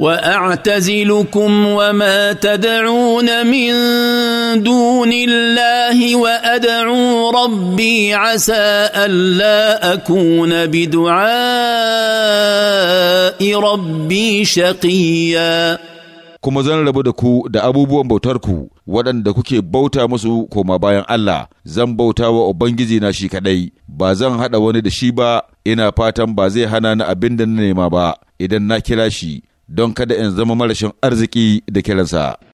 واعتزلكم وما تدعون من دون الله وادعو ربي عسى الا اكون بدعاء ربي شقيا kuma zan rabu da ku da abubuwan bautarku waɗanda kuke bauta musu koma bayan Allah zan bauta wa Ubangiji na shi kaɗai ba zan haɗa wani da shi ba ina fatan ba zai hana ni abin da na nema ba idan na kira shi don kada in zama marashin arziki da kiransa.